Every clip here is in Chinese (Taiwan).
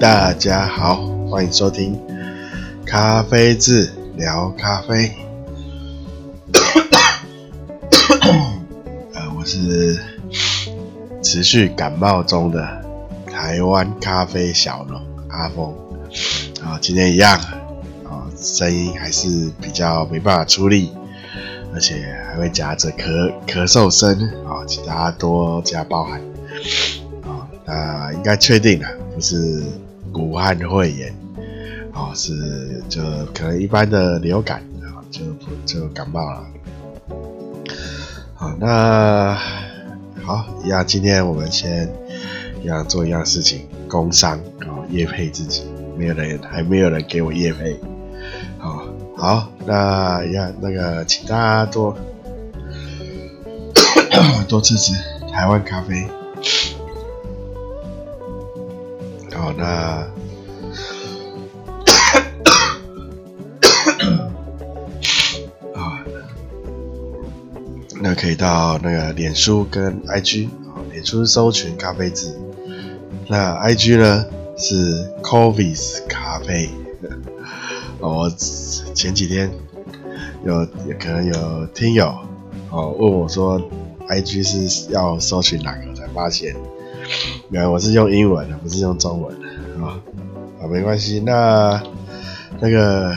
大家好，歡迎收聽《咖啡誌聊咖啡》 呃。我是持續感冒中的台灣咖啡小農阿峰。啊、哦，今天一樣，啊、哦，聲音還是比較沒辦法出力，而且還會夾着咳咳嗽聲。啊、哦，請大家多加包涵。啊、哦，那應該確定了。是武漢的會員，哦，是就可能一般的流感啊、哦，就就感冒了。好，那好，一樣，今天我們先一樣做一樣事情，工商哦，業配自己沒有人，還沒有人給我業配。好、哦、好，那一樣那個，請大家多 多支持台灣咖啡。那、呃，啊，那可以到那個臉書跟 IG 啊、哦，臉書搜尋咖啡字那 IG 呢是 Coffee's 咖啡。我前幾天有也可能有聽友哦問我說，IG 是要搜尋哪個？才發現，原來我是用英文的，不是用中文。啊、哦、啊，沒關係，那那個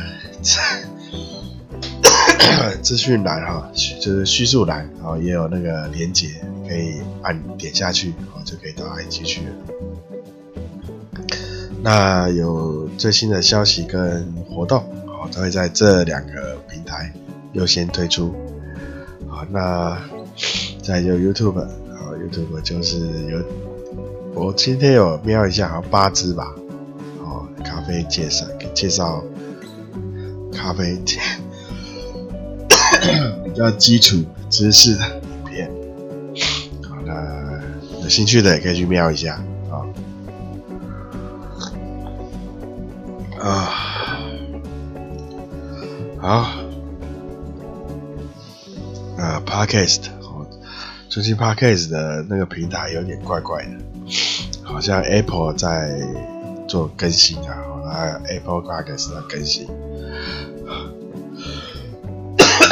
資訊欄哈，就是敘述欄，然後也有那個連接可以按點下去，然後就可以到 IG 去了。那有最新的消息跟活動哦，都會在這兩個平台優先推出。好，那再就 YouTube，然後 YouTube 就是有。我今天有瞄一下，好像八支吧。哦，咖啡介紹，介紹咖啡 比較基礎知識的影片，好，那有興趣的也可以去瞄一下，哦。啊，好，啊，podcast。最近 Podcast 的那個平台有點怪怪的，好像 Apple 在做更新啊，好啊 Apple Podcast 在更新，然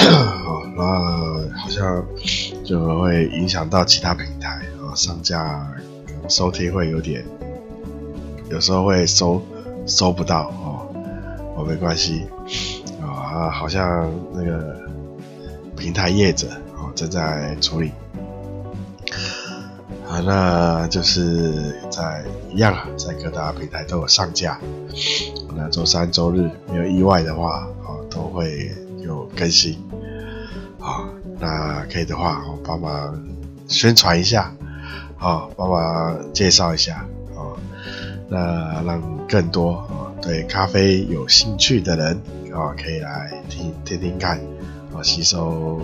後 好，好像就會影響到其他平台啊，上架收聽會有點，有時候會收收不到哦、啊，哦，沒關係啊，好像那個平台業者啊正在處理。那就是在一樣啊，在各大平台都有上架。那週三週日沒有意外的話，啊，都會有更新。啊，那可以的話，我幫忙宣傳一下，啊，幫忙介紹一下，啊，那讓更多啊對咖啡有興趣的人，啊，可以來聽聽聽看，啊，吸收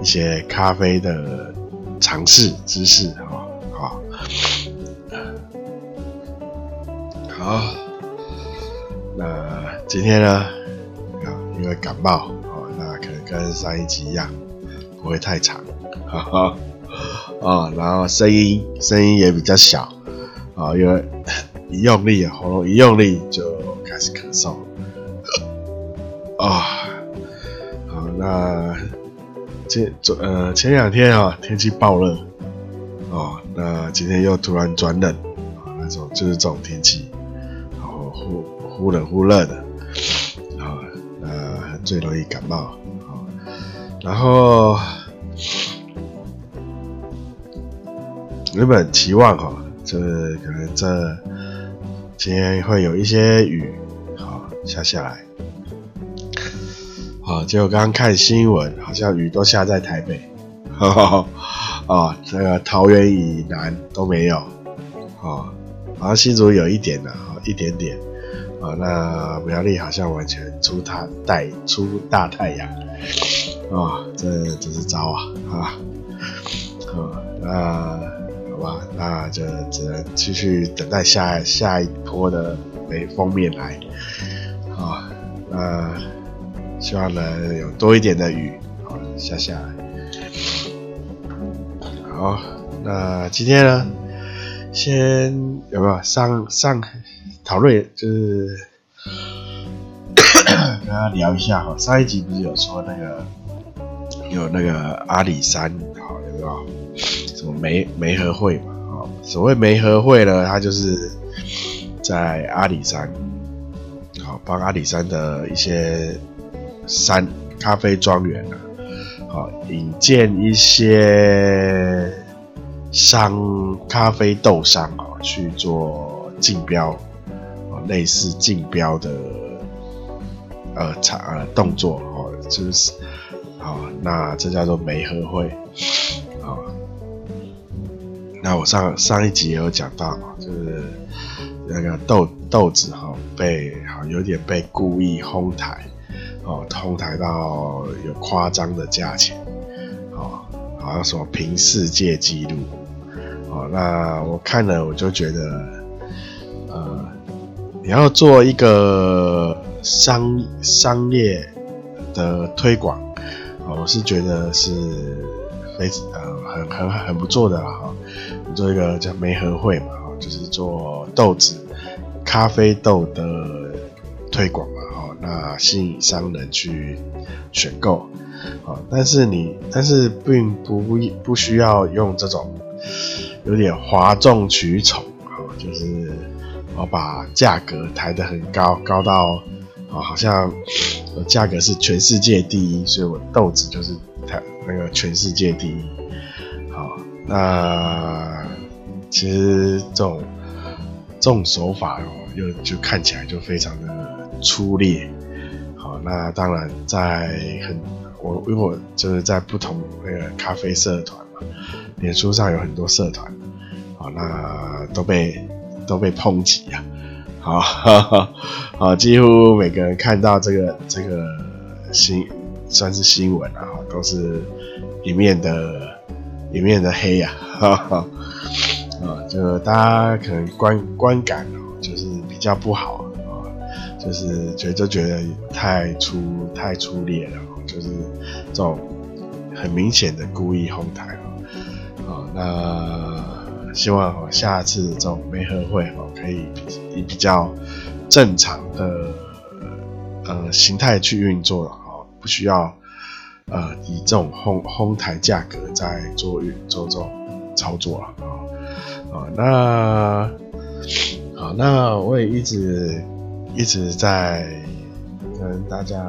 一些咖啡的。嘗試知識啊，好、哦哦，好，那今天呢啊，因為感冒啊、哦，那可能跟上一集一樣，不會太長，哈、哦、哈，啊、哦，然後聲音聲音也比較小啊、哦，因為一用力喉嚨一用力就開始咳嗽，啊、哦，好那。這昨呃前兩天啊，天氣爆熱哦，那今天又突然轉冷啊、哦，那種就是這種天氣，然後忽忽冷忽熱的啊，那、哦、呃、最容易感冒啊、哦。然後日本期望哈，這、哦就是、可能這今天會有一些雨啊、哦、下下來。啊！就、哦、剛剛看新聞，好像雨都下在台北，啊、哦，這個桃園以南都沒有，啊、哦，好像新竹有一點了、啊哦，一點點，啊、哦，那苗栗好像完全出它帶出大太陽，哦、這啊，這真是糟啊，好、哦、啊，那好吧，那就只能繼續等待下下一波的北鋒面來，啊、哦，那。希望能有多一點的雨，好下下來。好，那今天呢，先有沒有上上討論，就是 跟大家聊一下哈。上一集不是有說那個有那個阿里山，好有沒有？什麼媒媒合會嘛？好，所謂媒合會呢，它就是在阿里山，好幫阿里山的一些。山咖啡莊園啊，好、哦、引薦一些商咖啡豆商啊去做競標，啊、哦、類似競標的呃場，呃，呃動作哦，就是哦那這叫做媒合會啊。那我上上一集也有講到，就是那個豆豆子哈、哦、被好、哦、有點被故意哄抬。哦，通台到有誇張的價錢，哦，好像什麼平世界紀錄，哦，那我看了我就覺得，呃，你要做一個商商業的推廣，哦，我是覺得是非常很很很，很不錯的哈，哦，做一個叫媒合會嘛，就是做豆子咖啡豆的推廣。那吸引商人去選購，啊，但是你但是並不不需要用這種有點譁眾取寵啊，就是我把價格抬得很高，高到啊，好像我價格是全世界第一，所以我的豆子就是它那個全世界第一。好，那其實這種這種手法又就，就看起來就非常的。粗劣，好，那當然在很我，因為我就是在不同那個咖啡社團嘛，臉書上有很多社團，好，那都被都被抨擊啊，好，哈哈，好，幾乎每個人看到這個這個新算是新聞了哈，都是裡面的裡面的黑呀，啊，哈哈，啊，就大家可能觀觀感哦，就是比較不好，啊。就是覺就覺得太粗太粗劣了，就是這種很明顯的故意哄抬啊！啊，那希望下次這種媒合會哦，可以以比較正常的呃形態、呃、去運作了啊，不需要呃以這種哄哄抬價格在做運做這種操作啊！啊，那好，那我也一直。一直在跟大家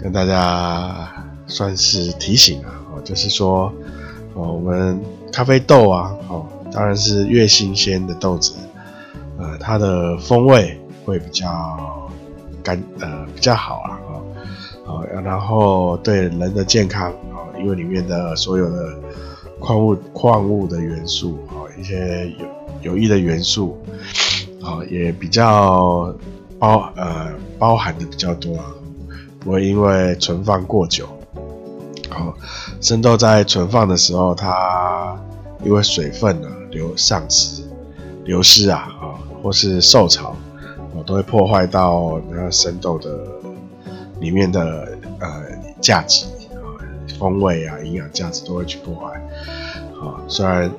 跟大家算是提醒啊，哦，就是說，哦，我們咖啡豆啊，哦，當然是越新鮮的豆子，呃，它的風味會比較乾，呃，比較好啊，哦，啊，然後對人的健康，哦，因為裡面的所有的礦物、礦物的元素啊，哦，一些有有益的元素。啊，也比較包呃包含的比較多，不會因為存放過久，好、哦、生豆在存放的時候，它因為水分啊，流喪失流失啊啊、哦，或是受潮，啊、哦、都會破壞到那個生豆的裡面的呃價值啊、哦、風味啊營養價值都會去破壞，好、哦、雖然。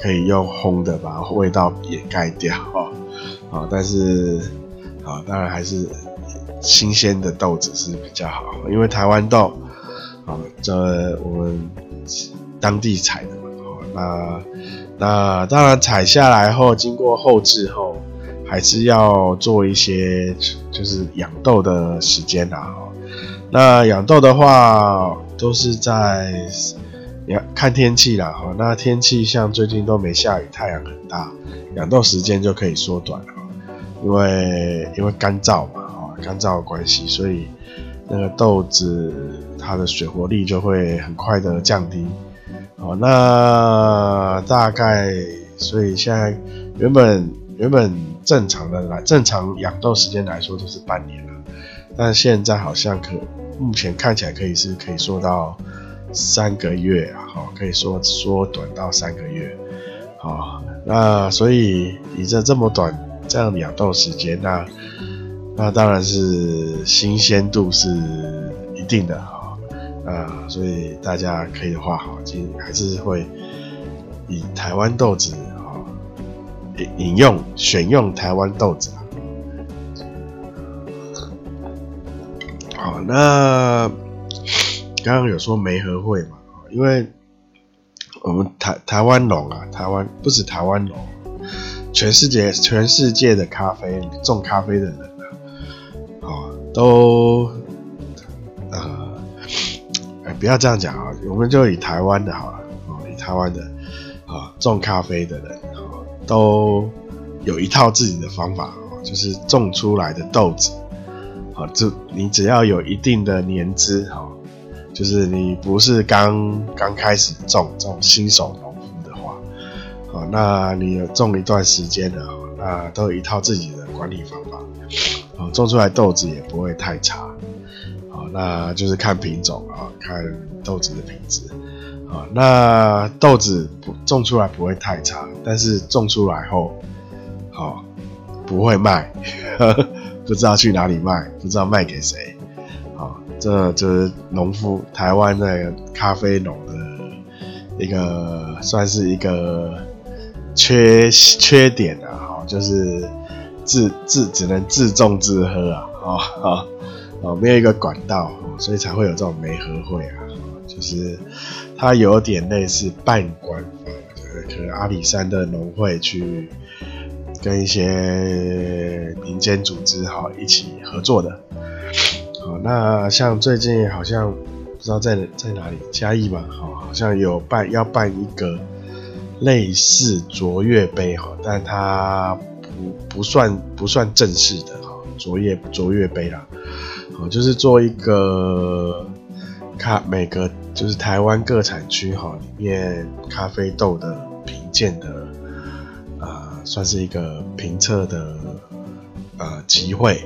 可以用烘的把味道掩蓋掉，啊，但是啊，當然還是新鮮的豆子是比較好，因為台灣豆啊，這我們當地採的嘛，那那當然採下來後經過後製後，還是要做一些就是養豆的時間啊。哈，那養豆的話都是在。看天氣啦，哈，那天氣像最近都沒下雨，太陽很大，養豆時間就可以縮短，因為因為乾燥嘛，哈，乾燥的關係，所以那個豆子它的水活力就會很快的降低，那大概所以現在原本原本正常的來，正常養豆時間來說就是半年了，但現在好像可目前看起來可以是可以縮到。三個月啊，好、哦，可以說縮短到三個月，好、哦，那所以以這這麼短這樣養豆時間，那那當然是新鮮度是一定的啊，啊、哦呃，所以大家可以的話好，其實還是會以台灣豆子啊引引用選用台灣豆子啊，好，那。剛剛有說媒合會嘛？因為我們台台灣農啊，台灣不止台灣農，全世界全世界的咖啡種咖啡的人啊，哦、都、呃、不要這樣講啊，我們就以台灣的好了，哦、以台灣的啊、哦、種咖啡的人啊、哦，都有一套自己的方法，哦、就是種出來的豆子，啊、哦，這你只要有一定的年資，哦。就是你不是剛剛開始種這種新手農夫的話，好、哦，那你有種一段時間的，那都有一套自己的管理方法，啊、哦，種出來豆子也不會太差，好、哦，那就是看品種啊、哦，看豆子的品質，啊、哦，那豆子不種出來不會太差，但是種出來後，好、哦，不會賣， 不知道去哪裡賣，不知道賣給誰。這就是農夫台灣那個咖啡農的一個，算是一個缺缺點啊，就是自自只能自種自喝啊，哦哦哦，沒有一個管道，哦、所以才會有這種媒合會啊，就是它有點類似半官方的，跟、就是、阿里山的農會去跟一些民間組織好、哦、一起合作的。那像最近好像不知道在在哪裡嘉義吧，好，好像有辦要辦一個類似卓越杯哈，但它不不算不算正式的哈，卓越卓越杯啦，好，就是做一個咖每個就是台灣各產區哈裡面咖啡豆的評鑑的啊、呃，算是一個評測的啊，呃，集會。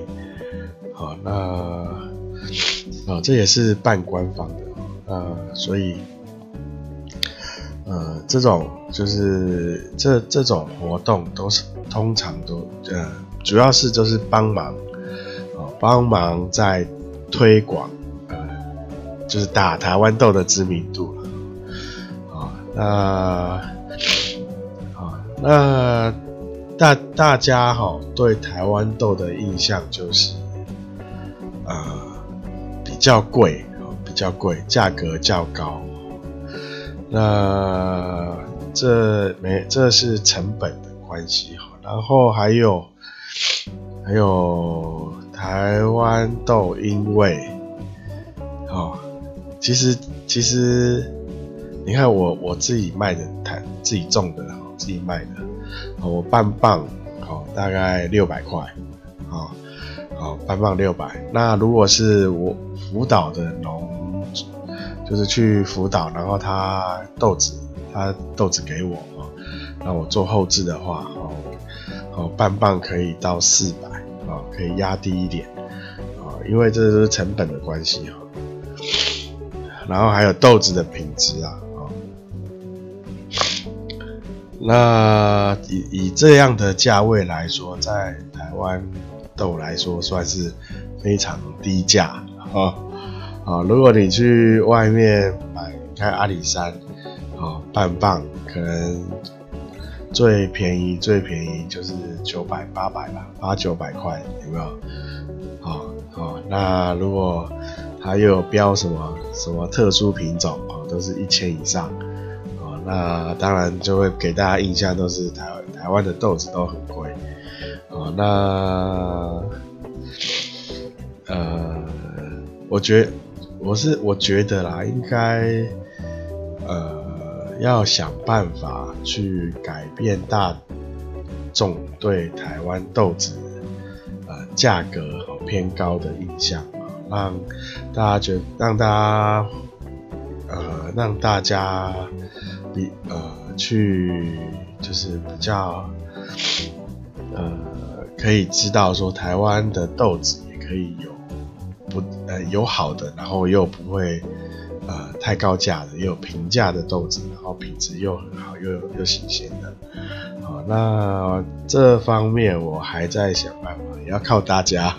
好，那。啊，這也是半官方的，啊、呃，所以，呃，這種就是這這種活動都是通常都呃，主要是就是幫忙，啊、呃，幫忙在推廣，呃，就是打台灣豆的知名度，啊、呃，那、呃，啊、呃，那、呃、大、呃、大家哈、哦、對台灣豆的印象就是，啊、呃。較貴，比較貴，價格較高。那這沒，這是成本的關係。好，然後還有還有台灣豆因為。好，其實其實你看我我自己賣的台自己種的，自己賣的。我半磅，好大概六百塊。好，好半磅六百。那如果是我。輔導的農，就是去輔導，然後他豆子，他豆子給我，啊、哦，那我做後製的話，哦，哦，半磅可以到四百，啊，可以壓低一點，啊、哦，因為這是成本的關係，哈、哦，然後還有豆子的品質啊，啊、哦，那以以這樣的價位來說，在台灣豆來說，算是非常低價。啊、哦，如果你去外面買，看阿里山，半、哦、磅磅，可能最便宜最便宜就是九百八百吧，八九百塊，有沒有？好、哦、好、哦。那如果它又有標什麼什麼特殊品種、哦、都是一千以上、哦，那當然就會給大家印象都是台台灣的豆子都很貴、哦，那，呃。我覺，我是我覺得啦，應該，呃，要想辦法去改變大眾對台灣豆子，呃，價格偏高的印象，讓大家覺，讓大家，呃，讓大家比呃去就是比較，呃，可以知道說台灣的豆子也可以有不。呃，有好的，然後又不會，呃，太高價的，又有平價的豆子，然後品質又很好，又有又新鮮的，好、哦，那這方面我還在想辦法，也要靠大家，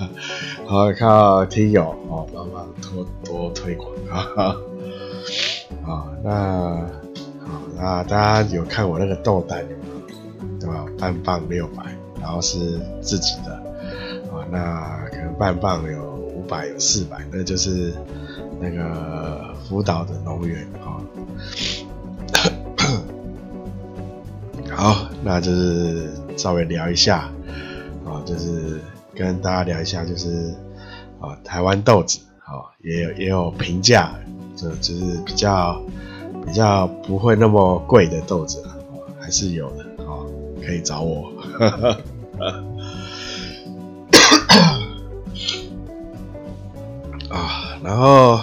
靠聽友哦，幫忙多多推廣啊，啊、哦，那好、哦，那大家有看我那個豆單嗎？對吧？半磅沒有買，然後是自己的，啊、哦，那可能半磅有。百有四百，400，那就是那個福島的農園啊。好，那就是稍微聊一下啊、哦，就是跟大家聊一下，就是啊、哦、台灣豆子啊、哦，也有也有平價，就就是比較比較不會那麼貴的豆子啊、哦，還是有的啊、哦，可以找我。 然後，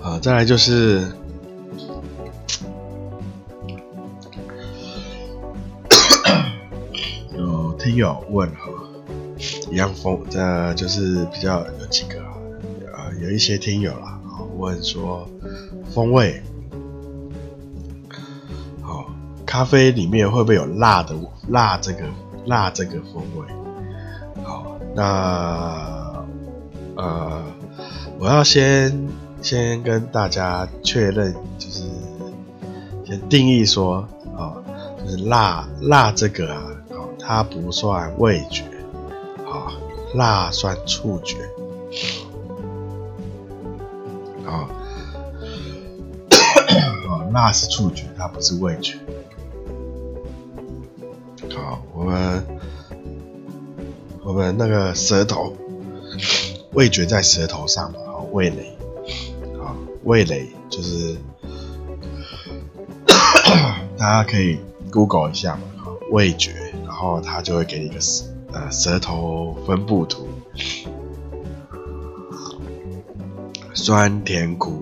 好，再來就是有聽友問哈，一樣風，這就是比較有幾個啊，有一些聽友啦啊問說風味。咖啡裡面會不會有辣的，辣這個，辣這個風味？好，那呃，我要先先跟大家確認，就是先定義說，好，就是辣辣這個啊，哦，它不算味覺，好，辣算觸覺，好，辣 是觸覺，它不是味覺。我們我們那個舌頭，味覺在舌頭上嘛，好味蕾，好味蕾就是大家可以 Google 一下嘛，好味覺，然後它就會給你一個舌呃舌頭分布圖，酸甜苦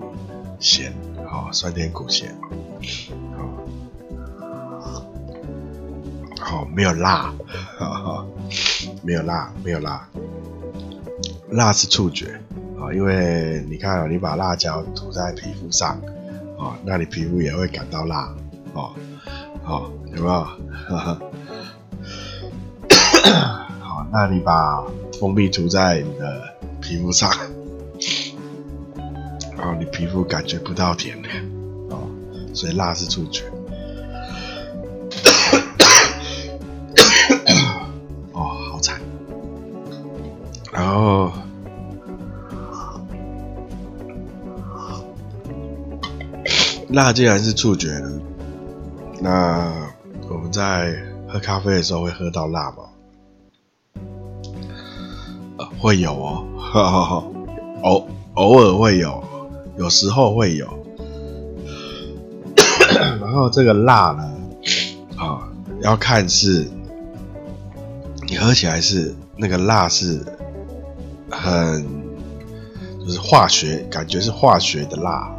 鹹，好酸甜苦鹹。沒有辣、哦哦，沒有辣，沒有辣。辣是觸覺啊、哦，因為你看、哦，你把辣椒塗在皮膚上，啊、哦，那你皮膚也會感到辣，哦，哦有沒有？好、 哦，那你把蜂蜜塗在你的皮膚上，哦，你皮膚感覺不到甜的，哦，所以辣是觸覺。辣既然是觸覺了，那我們在喝咖啡的時候會喝到辣嗎？呃、會有哦，呵呵呵偶偶爾會有，有時候會有。 然後這個辣呢，啊，要看是，你喝起來是那個辣是，很，就是化學感覺是化學的辣。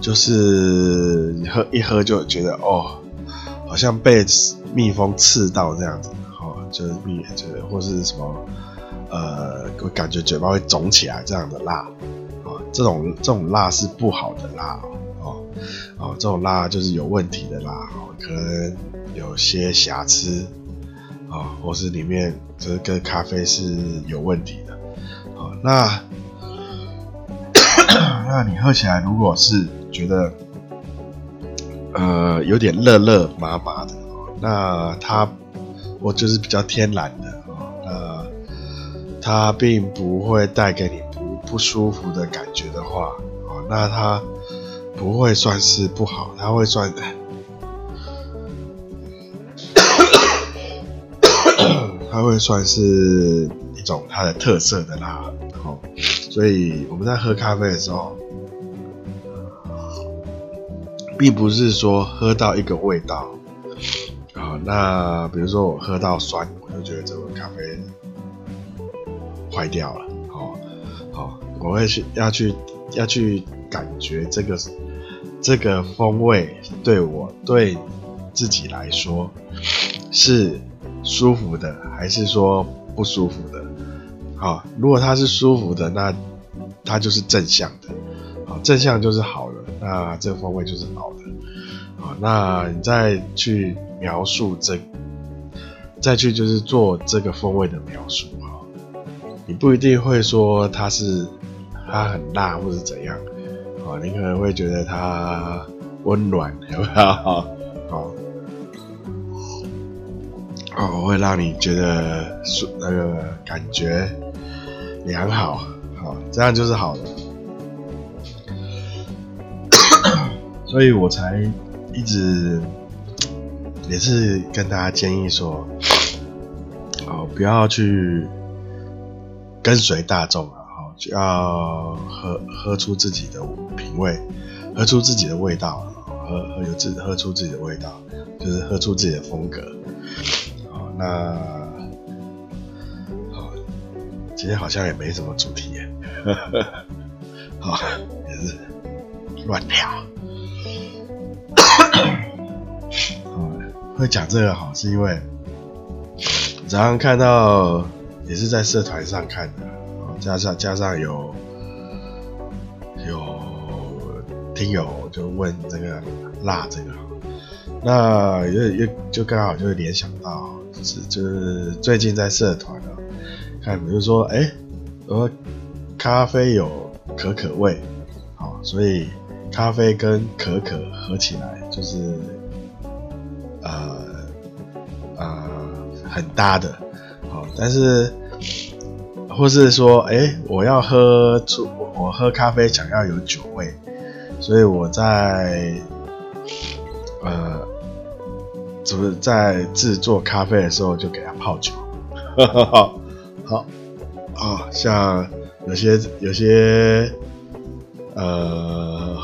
就是喝一喝就覺得哦，好像被蜜蜂刺到這樣子，哦，就是蜜，蜂蜜，就是或是什麼，呃，我感覺嘴巴會腫起來這樣的辣，哦，這種這種辣是不好的辣，哦，哦，這種辣就是有問題的辣，哦，可能有些瑕疵，哦，或是裡面就是跟咖啡是有問題的，哦，那。那你喝起來，如果是覺得呃有點熱熱麻麻的，那它我就是比較天然的啊，那、呃、它並不會帶給你不不舒服的感覺的話，啊、哦，那它不會算是不好，它會算，呃、它會算是一種它的特色的啦，然後、哦、所以我們在喝咖啡的時候。並不是說喝到一個味道啊，那比如說我喝到酸，我就覺得這個咖啡壞掉了。好，好，我會去要去要去感覺這個這個風味對我對自己來說是舒服的，還是說不舒服的？好，如果它是舒服的，那它就是正向的。好，正向就是好。那這個風味就是好的，啊，那你再去描述這，再去就是做這個風味的描述啊，你不一定會說它是它很辣或者怎樣，啊，你可能會覺得它溫暖，有沒有？好，我、哦、會讓你覺得是那個感覺良好，好，這樣就是好的。所以我才一直也是跟大家建議說，哦，不要去跟隨大眾啊，哈，就要喝喝出自己的品味，喝出自己的味道，喝喝有自，喝出自己的味道，就是喝出自己的風格，啊，那好，今天好像也沒什麼主題耶，啊，也是亂聊。會講這個好，是因為早上看到也是在社團上看的，加上加上有有聽友就問這個辣這個，那也也，就剛好就會聯想到，就是就是最近在社團啊看，比如說哎、欸，咖啡有可可味，好，所以咖啡跟可可合起來就是。呃呃，很搭的，哦，但是，或是說，誒、欸，我要喝出我喝咖啡想要有酒味，所以我在呃製在製作咖啡的時候就給他泡酒，哈哈哈，好啊，像有些有些呃，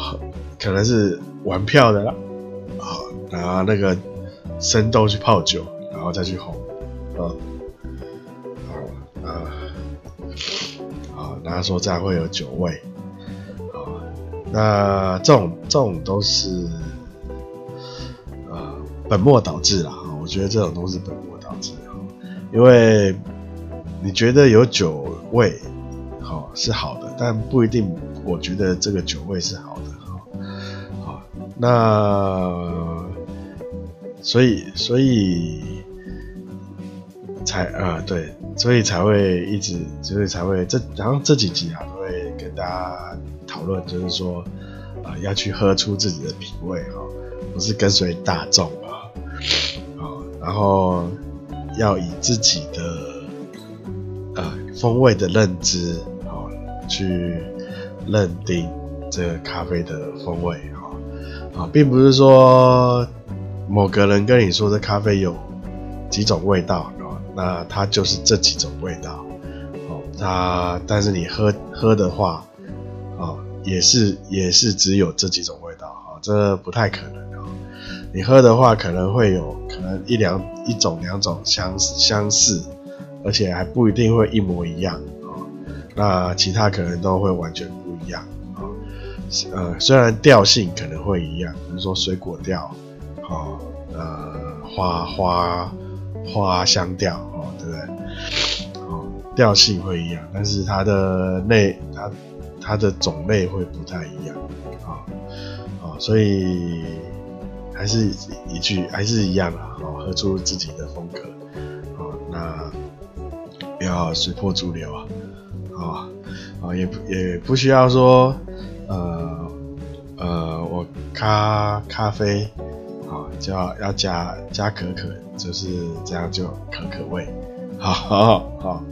可能是玩票的啦，好，拿那個。生豆去泡酒，然後再去烘，哦、啊，好啊，然、啊、後說這樣會有酒味，哦、那這種這種都是啊、呃、本末倒置了，我覺得這種都是本末倒置啊，因為你覺得有酒味，好、哦、是好的，但不一定，我覺得這個酒味是好的，好、哦哦、那。所以，所以才啊、呃，對，所以才會一直，所以才會這，然後這幾集啊，都會跟大家討論，就是說啊、呃，要去喝出自己的品味哈、哦，不是跟隨大眾啊、哦、然後要以自己的呃風味的認知哦去認定這個咖啡的風味啊啊、哦哦，並不是說。某個人跟你說這咖啡有幾種味道，那那它就是這幾種味道，哦，它但是你喝喝的話，哦，也是也是只有這幾種味道，哦，這不太可能的。你喝的話可能會有可能一兩一種兩種相相似，而且還不一定會一模一樣，哦，那其他可能都會完全不一樣，啊，呃，雖然調性可能會一樣，比如說水果調。哦，呃，花花花香調，哦，對不對？哦，調性會一樣，但是它的類，它它的種類會不太一樣，啊哦，哦，所以還是一句，還是一樣啊，哦，喝出自己的風格，哦，那不要隨波逐流啊，哦哦，也不也不需要說，呃呃，我咖咖啡。就要，要加加可可，就是這樣就可可味，好好好，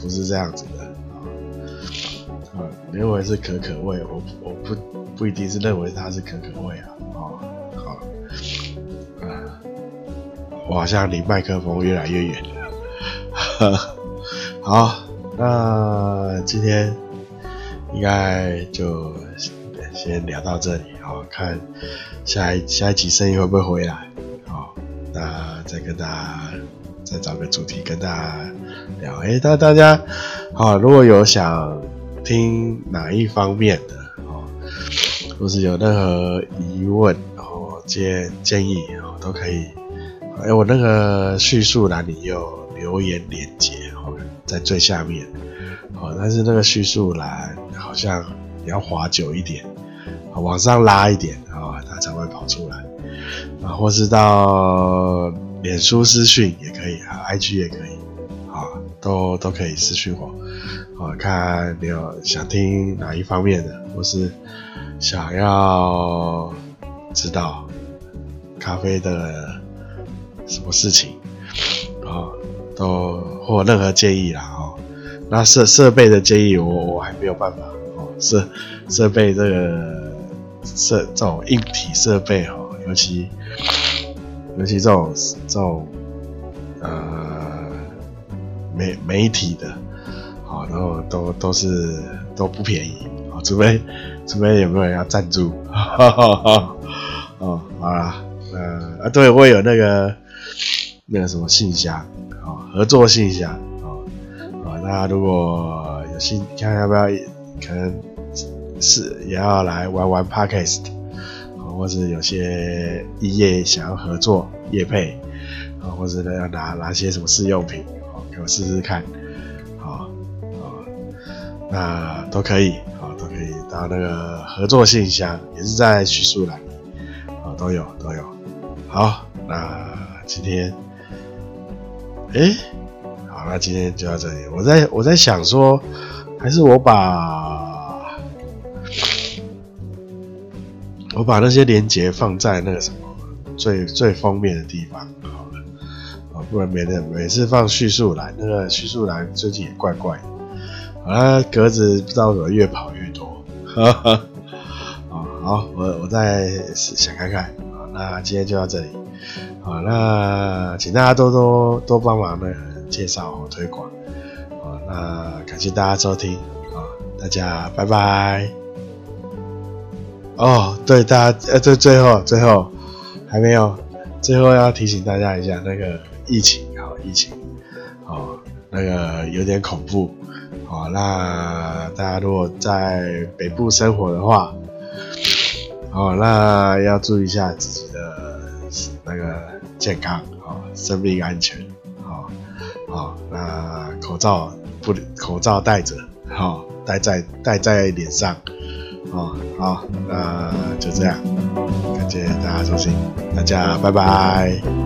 不是這樣子的啊啊！認、哦嗯、為是可可味，我我不不一定是認為它是可可味啊，好、哦、啊、哦嗯，我好像離麥克風越來越遠了， 好，那今天應該就先聊到這裡。好、哦，看下一下一期聲音會不會回來？好、哦，那再跟大家再找個主題跟大家聊。誒、欸，大大家好、哦，如果有想聽哪一方面的，哦，或是有任何疑問，然、哦、後建建議哦，都可以。誒、哦欸，我那個敘述欄裡有留言連結哦，在最下面。哦，但是那個敘述欄好像要滑久一點。往上拉一點啊、哦，它才會跑出來啊，或是到臉書私訊也可以啊，IG 也可以啊，都都可以私訊我啊，看你有想聽哪一方面的，或是想要知道咖啡的什麼事情啊，都或任何建議啦，哦，那設設備的建議我，我我還沒有辦法哦，設設備這個。設這種硬體設備哈，尤其尤其這種這種呃媒媒體的，好，然後都都是都不便宜，好，除非除非有沒有人要贊助， 哦，好啦，呃啊，對我有那個那個什麼信箱，啊，合作信箱，啊、哦，啊，大家如果有信，看看要不要可能。是也要來玩玩 Podcast，或是有些異業想要合作業配，啊，或是要拿拿些什麼試用品，給我試試看，好、哦，啊、哦，那都可以，啊、哦，都可以到那個合作信箱，也是在敘述欄，啊、哦，都有都有，好，那今天，哎、欸，好，那今天就到這裡。我在我在想說，還是我把。我把那些連結放在那個什麼最最封面的地方好了啊、哦，不然別的每次放敘述欄，那個敘述欄最近也怪怪的，啊格子不知道怎麼越跑越多，啊、 哦、好，我我再想看看。啊，那今天就到這裡好，那請大家多多多幫忙那個介紹和推廣好，那感謝大家收聽好，大家拜拜。哦，對大家，呃、哎，最後最後最後還沒有，最後要提醒大家一下，那個疫情，好疫情，好、哦、那個有點恐怖，好、哦，那大家如果在北部生活的話，哦，那要注意一下自己的那個健康，好、哦，生命安全，好、哦，好、哦，那口罩不口罩戴着，好、哦、戴在戴在臉上。哦，好，那就這樣，感謝大家收聽，大家拜拜。